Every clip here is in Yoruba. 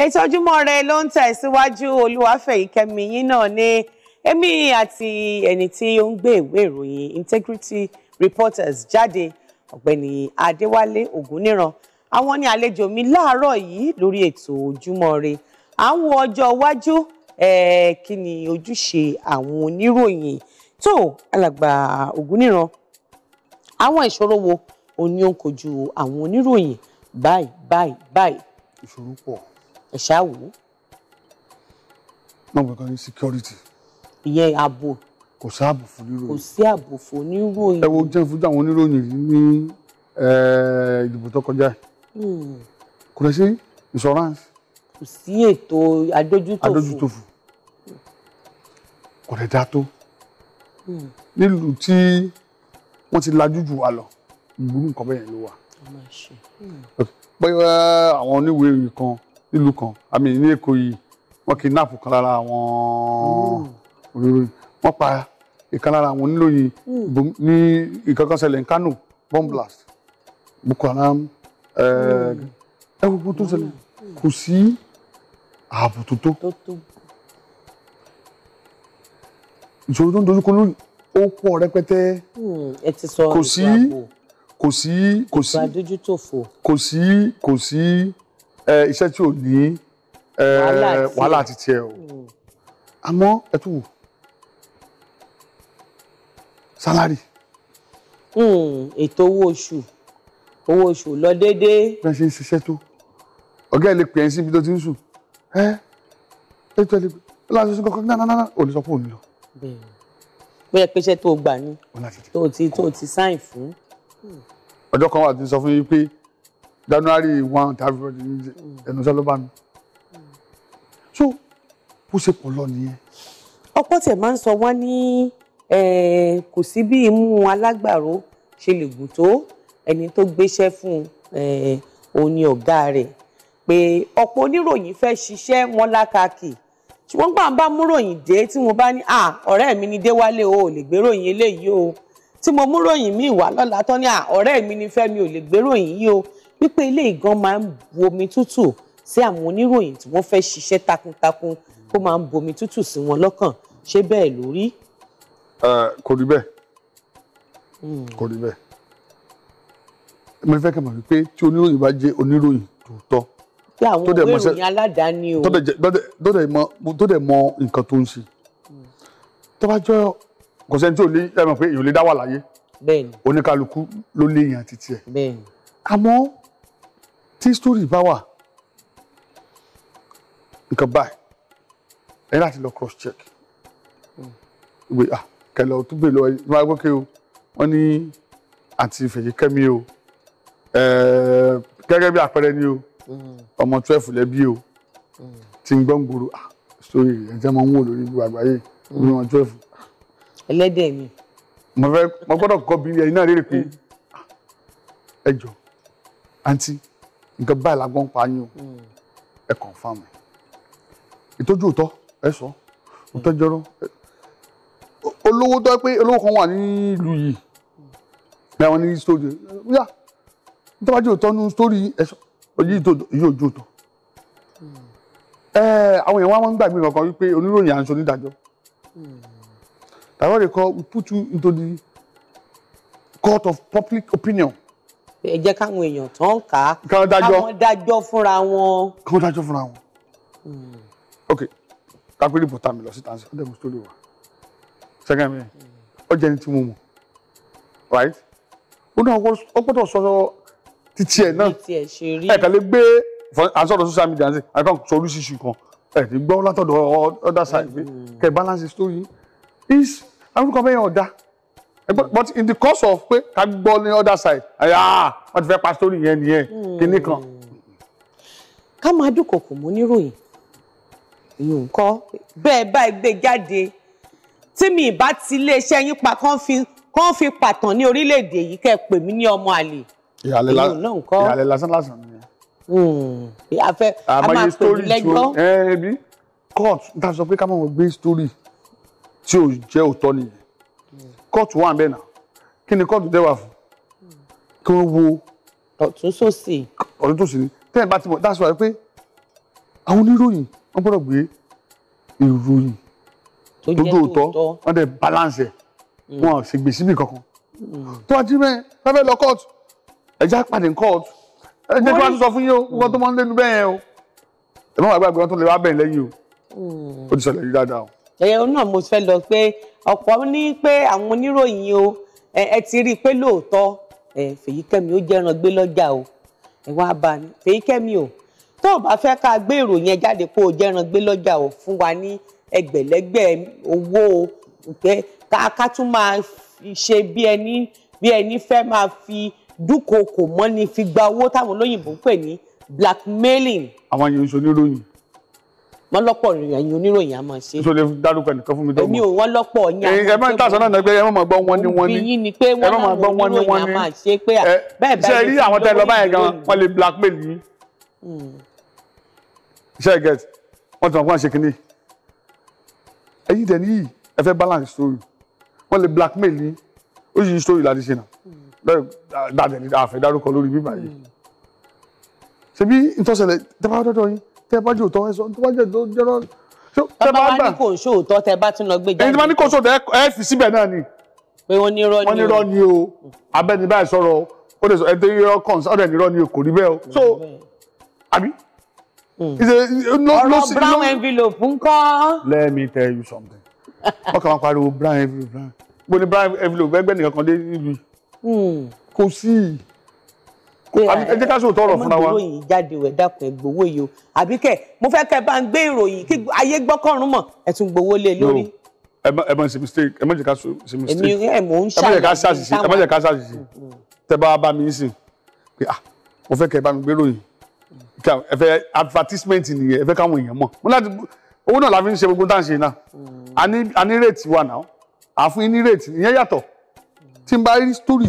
ètò ojúmọ́ rẹ ló ń tẹ̀síwájú olúwàfẹ̀yìkẹ́mi yín náà ni èmi àti ẹni tí ó ń gbé ìwé ìròyìn integrity reporters jáde ọ̀gbẹ́ni adéwálé ògúnníran àwọn ni àlejò mi láàárọ̀ yìí lórí ètò ojúmọ́ rẹ à ń wo ọjọ́ iwájú kí ni ojúṣe àwọn oníròyìn tó alàgbà ògúnníran àwọn ìṣòro wo òun ni ó ń kojú àwọn oníròyìn báyìí báyìí báyìí. ìṣòro pọ̀ ẹ ṣáà wò ó. wọ́n gbọ́dọ̀ ní security. ìyẹn ààbò. kò sí ààbò fún oníròyìn. kò sí ààbò fún oníròyìn. ẹ wo jẹun fún àwọn oníròyìn ní ìdìbò tó kọjá yìí. Hmm. kò lè ṣe insurance. kò sí ètò adójútòfò. adójútòfò kò lè dá tó. Hmm. nílùú tí wọ́n ti lajú jù wá lọ ìgbúrú nǹkan bẹ́ẹ̀ ló wà. Hmm. bóyá àwọn oníwèé kan nílùú kan àmì ní èkó yìí wọ́n kidnap kan lára àwọn oníròyìn wọ́n pa ìkan lára àwọn oníròyìn ní nǹkan kan ṣẹlẹ̀ ní Kano bomb blast Boko Haram eh, ẹ gbogbo tó ṣẹlẹ̀ kò sí ààbò tó tó ìṣòro tó ń dojúkọ lórí ó pọ̀ rẹpẹtẹ hmm, kò sí kò sí kò sí kò sí kò sí iṣẹ́ tí ò ní wàhálà àti tiẹ̀ o mm. àmọ́ ẹ tún wò sálárì. ètò owó oṣù owó oṣù lọ déédéé. bí ṣe ń ṣiṣẹ́ tó ọ̀gá ẹ̀ lè pè ẹ́ síbi tó ti ń sùn ẹ́ ẹ́ tó ẹ lè pè ẹ́ láti ṣe kankan náà náà ò lè sọ pé òun lọ. bóyá pé iṣẹ́ tó o gbà ni tó o ti sáìn fún. Hmm. ọjọ́ kan wà tí n sọ fún yín pé January one tí everybody ń jẹ ẹnu sọ bá mi so bó ṣe pọ̀ lọ nìyẹn. ọ̀pọ̀ tẹ máa ń sọ wọn ní kò sí bí imú alágbàro ṣe lè gùn tó ẹni tó gbéṣẹ́ fún òun ni ọ̀gá rẹ̀ pé ọ̀pọ̀ oníròyìn fẹ́ ṣiṣẹ́ wọn lákàkì ṣùgbọ́n gbà ń bá múròyìn dé tí mo bá ní à mi ni déwálé o ò lè gbéròyìn eléyìí o tí mo múròyìn míì wá lọ́la tán ní à mi ni fẹ́mi ò lè gbéròyìn yìí o wípé ilé ìgan máa ń bu omi tútù sí àwọn oníròyìn tí wọ́n fẹ́ ṣiṣẹ́ takuntakun kó máa ń bu omi tútù sí wọn lọ́kàn ṣé bẹ́ẹ̀ ló rí. kò rí bẹ́ẹ̀ hmm. kò rí bẹ́ẹ̀ mo fẹ́ kẹ́ mọ̀ wípé tí oníròyìn bá jẹ́ oníròyìn tòótọ́ pé àwọn òwe ìròyìn aládàáni o tó dẹ̀ mọ nǹkan tó ń ṣe hmm. tó bá jọ kò sẹ́ni tí ò lè ẹ mọ̀ pé èèyàn dá wà láyé oníkálukú ló léèyàn títí ẹ̀ àmọ́ tí story bá wà nǹkan báyìí ẹ láti lọ cross check ìwé à ah, kẹlẹ ọtún gbé lọ ìwà gbọkẹ o wọn ní àti ìfẹyẹ kẹmi o gẹ́gẹ́ bí àpẹẹrẹ ni o ọmọ twelve lẹbi o ti ń gbọ́n gbòòrò à ah, story rẹ̀ jẹ́ mọ́ ń wò lórí gbogbo àgbáyé ní ọmọ twelve. ẹlẹ́dẹ̀ mi. mo fẹ́ mo gbọ́dọ̀ kọ́ bí ẹ̀yin náà lérè pé ah, ẹ jọ àǹtí nǹkan báyìí la gbọ́n pa yín o hmm. ẹ confirm ẹ ìtọ́jú òótọ́ ẹ sọ hmm. òótọ́ jọrọ olówó tó pé olówó kan wà nílùú yìí ní àwọn ní sítórì yá nítorí òótọ́ nínú sítórì ẹ sọ yìí ojú òótọ́ hmm. àwọn èèyàn wa máa ń gbàgbé kankan wípé oníròyìn à ń sọ onídàájọ́ tàbí wọ́n lè kọ we put you into the court of public opinion ẹ jẹ́ káwọn èèyàn tó ń kà á káwọn dájọ́ fúnra wọn. káwọn dájọ́ fúnra wọn. Hmm. ok kápẹ́rì bọ̀tà mi lọ sí tansi ọ̀dẹ̀ mo sórí wa sẹ́kẹ̀ mi ọ jẹ́ ni tí mo mọ̀ right ó náà ó gbọ́dọ̀ sọ títí ẹ̀ náà ẹ̀ kà lè gbé àsọ̀rọ̀ social media ṣe àìkàn sọ oríṣiríṣi kan ẹ̀ ti gbọ́ látọ̀dọ̀ other side pé hmm. kẹ̀ balance story is àwọn olùkọ́ bẹ́ẹ̀ yẹn ọ̀dà but but in the course of pé ká gbọ́ ní other side àyà wọ́n ti fẹ́ pa story yẹn nìyẹn kinní kan. ká máa dúnkòkò mú níròyìn ìyún kọ́ bẹ́ẹ̀ báyìí gbé jáde tí mi ì bá ti iléeṣẹ́ yín pa kán fi kán fi pàtàn ní orílẹ̀-èdè yìí kẹ́ ẹ pè mí ní ọmọ àlè ìyún náà kọ́ ìyàlẹ̀ lásán lásán ni. àfẹ́ hmm. a story? pè eh, lẹ́jọ́. court dáa sọ pé ká máa gbé story tí ò jẹ́ òótọ́ nìyẹn kóòtù wà bẹ́ẹ̀ náà kí ni kóòtù dẹ́wà fún kí wọ́n wo. ọ̀tún sósì. ọ̀tún sósì ni tẹ́ẹ̀ bá ti mọ̀ dáṣọ àyè pé àwọn oníròyìn wọ́n gbọ́dọ̀ gbé ìròyìn lójú òótọ́ wọ́n dẹ̀ balance ẹ̀ hmm. wọ́n ò sì gbè síbì kankan. Hmm. tó bá ti rẹ̀ fẹ́fẹ́ lọ kóòtù ẹ̀já pàdé kóòtù ẹ̀jẹ̀ tí wọ́n ti sọ fún yín o wọ́n hmm. tó máa ń lẹ́nu o ẹ̀ má wà gbàgbé wọn tó lè wá bẹ́ẹ̀ lẹ́yìn o ó o. ẹ̀yẹ̀ náà mo fẹ́ lọ ọ̀pọ̀ ní pé àwọn oníròyìn o ẹ ti rí i pé lóòótọ́ ẹ Fèyíkẹ́mi ó jẹ́ran gbé lọ́jà o ẹ wá bá ní Fèyíkẹ́mi o tó o bá fẹ́ ká gbé ìròyìn ẹ jáde pé o jẹ́ran gbé lọ́jà o fún wa ní ẹgbẹ̀lẹ́gbẹ̀ owó pé ká tún máa ṣe bí ẹni bí ẹni fẹ́ máa fi dúkokò mọ́ni fi gba owó táwọn olóyìnbó ń pè ní blackmailing. àwọn yẹn ń ṣoníròyìn wọ́n lọ́pọ̀ ẹ̀yin oníròyìn a máa ṣe. tó lè dárúkọ nìkan fún mi tó mọ̀. èmi ò wọ́n lọ́pọ̀ yín. ẹ máa ń tàṣọ náà nígbẹ́ ẹ máa gbọ́ wọn ni wọn ni. òbí yín ni pé wọ́n náà oníròyìn a máa ṣe pé bẹ́ẹ̀ bá yẹn. ṣe rí àwọn tẹ lọ báyẹn gan wọn lè blackmail yín. Hmm. ṣe get wọn ti mọ̀ pé wọ́n ṣe kínní. ẹ̀yin tẹ̀ níyì ẹ fẹ́ balance story wọn lè blackmail yín ó yí story láti ṣe náà hmm. dáadẹ́ ni àfẹ́ dárúkọ lórí bíbá yìí hmm. ṣebí ìtọ́sẹ̀lẹ̀ dábàá dọ́dọ̀ yín tẹ́ bá jẹ́ òótọ́ ẹ sọ tó bá jẹ́ tó jẹ́ náà. tẹ́ bá ní kò sóòótọ́ tẹ́ bá tún lọ gbé jáde. èyí tí wọ́n ní kò sóòótọ́ ẹ fi síbẹ̀ náà ni. pé wọ́n ní irọ́ ni o wọ́n ní irọ́ ni o abẹ́ni báyìí sọ̀rọ̀ ó lè sọ ẹni tó yẹ kàn sọ́dọ̀ ní irọ́ ni o kò rí bẹ́ẹ̀ o. so àbí. ọ̀rọ̀ brown envelope ńkọ́. let me tell you something. wọ́n kàn máa pariwo brown envelope brown. gbóni brown envelope ẹgbẹ́ nìkan kan dé níbi. Hmm. kò sí i ẹ jẹ́ ká sọ tọrọ fúnra wa. ẹ ìròyìn jáde o ẹ dákun yìí o àbí mo fẹ́ kẹ bá ń gbé ìròyìn kí ayé gbọ́kànrún mọ̀ ẹ tún gbowó lé e lórí. ẹ má ẹ má ṣe ẹ má jẹ́ ká ṣe mistake èmi ẹ mò ń ṣàlàyé ẹ má jẹ́ tẹ bá bá mi sìn pé ah mo fẹ́ kẹ bá mi gbé ìròyìn ẹ fẹ́ advertisement nìyẹn ẹ fẹ́ káwọn èèyàn mọ̀ mo láti owó náà la fi ń ṣe gbogbo tá náà a ní rate ní tí n bá rí story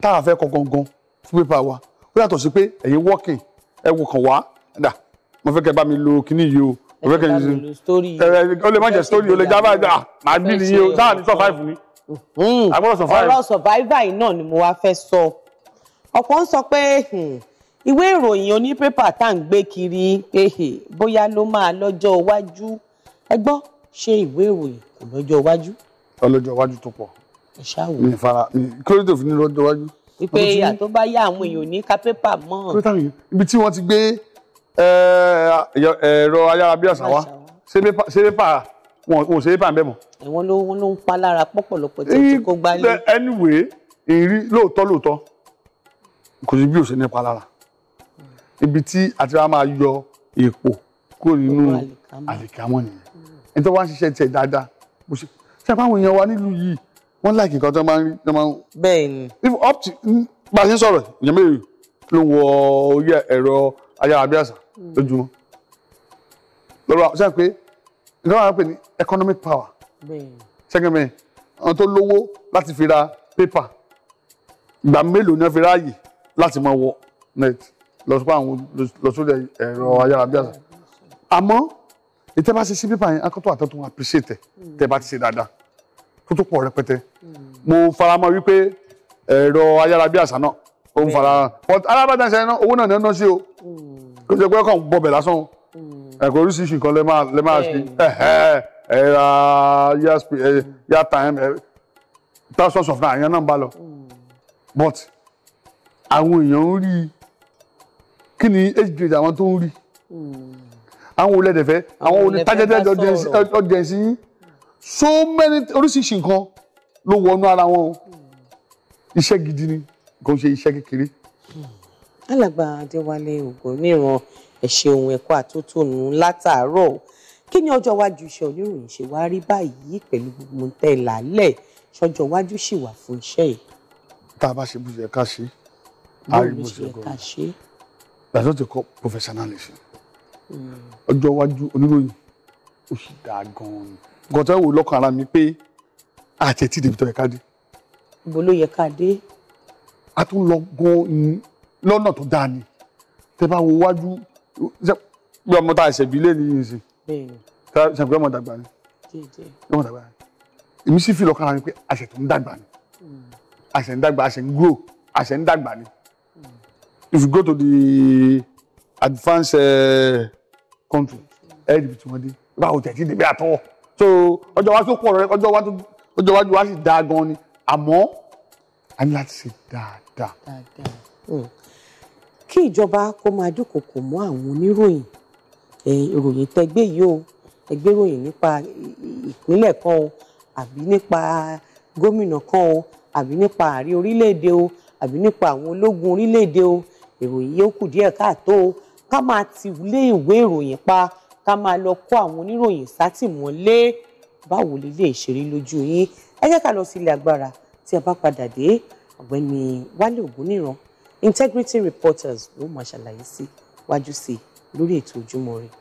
tá a fẹ́ kọ gangan fún pépà wa ó yàtọ̀ sí pé ẹ̀yin working ẹ wò kàn wá dà mo fẹ́ kẹ́ bá mi lo kíní yìí o mo fẹ́ kẹ́ ẹ ó eh, eh, lè má jẹ́ story ó lè já báyìí à máa bí nìyí o sáà ní survive ni hmm. agbọ́dọ̀ ọ̀rọ̀ survivor yìí náà ni mo wá fẹ́ sọ ọ̀pọ̀ ń sọ pé hmm, ìwé ìròyìn onípépà tá à ń gbé kiri bóyá ló máa lọ́jọ́ iwájú ẹ gbọ́ ṣé ìwé ìròyìn kò lọ́jọ́ iwájú. ọlọ́jọ́ iwájú tó pọ̀. ẹ ṣáà wò. mi fara mi kí ló dé òfin ní lọ́jọ́ iwájú wípé ìyà tó bá yá àwọn èèyàn ní kápẹ́pà mọ́. ibi tí wọ́n ti gbé ẹ̀rọ ayárabíàṣá wa ṣé pépà wọn ò ṣe pépà ń bẹ̀ mọ́. àwọn ló ń pa lára pọ̀pọ̀lọpọ̀ tí tí kò gbá lé. anyway ìrírí lóòótọ́ lóòótọ́ kò sí bí òṣèlú nípa lára ibi tí àti wàá máa yọ èèpo kúrò nínú àlìkámọ́ nìyẹn ẹni tó wá ń ṣiṣẹ́ tiẹ̀ dáadáa bó ṣe ṣe àpá èèyàn wa nílùú yìí wọ́n láìkì nǹkan tó máa ń rí tó máa ń. bẹ́ẹ̀ni. up to bá a ṣe ń sọ̀rọ̀ èèyàn mẹ́rin ló wọ orí ẹ̀rọ ayárabíàṣá hmm. lójúmọ́ lọ́rọ̀ sẹ́yìn pé nǹkan máa ń ní economic power sẹ́yìn mẹ́rin àwọn tó lówó láti fi ra pépà ìgbà mélòó ni wọ́n fi ráàyè láti máa wọ net lọ sí àwọn lọ sórí ẹ̀rọ ayárabíàṣá àmọ́ ìtẹ́ bá ṣe sí pépà yẹn akọ́tọ̀ àtọ́tún appreciate tẹ́ bá ti ṣe dáadáa tó tó pọ̀ rẹpẹtẹ hmm. mo faramọ́ wípé ẹ̀rọ ayárabíàṣá náà ó ń fara but ayárabíàṣá náà owó náà ní ọ̀nà sí o hmm. kò jẹ́ pé ọkàn bọ̀bẹ̀ lásán hmm. ẹ̀kọ́ oríṣiríṣi nǹkan lẹ́ máa lẹ́ máa ṣe ẹ̀rọ airtime thousands of naira yẹn náà ń bá lọ but àwọn èèyàn ń rí i kí ni age grade àwọn tó ń rí i àwọn olè dẹ̀fẹ́ àwọn olè tájẹ́tẹ́ ọjọ́ yín so many oríṣiríṣi nǹkan ló wọnú ara wọn iṣẹ́ gidi ni kò ń ṣe iṣẹ́ kékeré. alàgbà adéwálé ògúnníran ẹ̀ṣẹ̀ ohun ẹ̀kọ́ àtótónu látàárọ̀ kí ni ọjọ́ iwájú iṣẹ́ oníròyìn ṣe wá rí báyìí pẹ̀lú gbogbo tẹ́ ẹ lálẹ́ ṣọjọ́ iwájú sì wà fún iṣẹ́ yìí. tá a bá ṣe bó ṣe yẹ ká ṣe á rí bó ṣe yẹ ká ṣe. that's what they call professionalism. Hmm. ọjọ́ iwájú oníròyìn ó sì dáa gan-an nǹkan tó wò lọ́kàn ara mi pé àti ètí ìdìbò tó yẹ ká dé. ibo ló yẹ ká dé. a tún lọ gan lọ́nà tó dáa ni tẹ bá wo wájú bí ọmọ tá a ṣẹ̀bí lé nìyí sí ṣàbí ọmọ dàgbà ni ọmọ dàgbà ni èmi sì fi lọ́kàn ara mi pé àṣẹ tó ń dàgbà ni àṣẹ ń dàgbà àṣẹ ń grow àṣẹ ń dàgbà ni if you go to the advanced uh, country ẹ ẹ dìbò tí wọ́n dé báwo tẹ̀ tí dèbí àtọ́wọ́ so ọjọ́ wa tó pọ̀ rẹ ọjọ́ wa tó ọjọ́ iwájú wa sì dáa gan ni àmọ́ a ní láti ṣe dáadáa. Hmm. kí ìjọba kó máa dúnkòkò mọ́ àwọn oníròyìn ìròyìn tẹgbẹ́ yìí o ẹgbẹ́ ìròyìn nípa ìpínlẹ̀ kan o àbí nípa gómìnà kan o àbí nípa ààrẹ orílẹ̀-èdè o àbí nípa àwọn ológun orílẹ̀-èdè o ìròyìn yóò díẹ̀ káàtó o ká máa ti lé ìwé ìròyìn pa ká máa lọ kó àwọn oníròyìn sátìmọ́lé báwo lè lè ṣeré lójú yín ẹ jẹ́ ká lọ sí ilé agbára tí a bá padà dé ọ̀gbẹ́ni Wálé Ògúnníran integrity reporters ló máa ṣàlàyé sí wájú sí lórí ètò Ojúmọ́ Ire.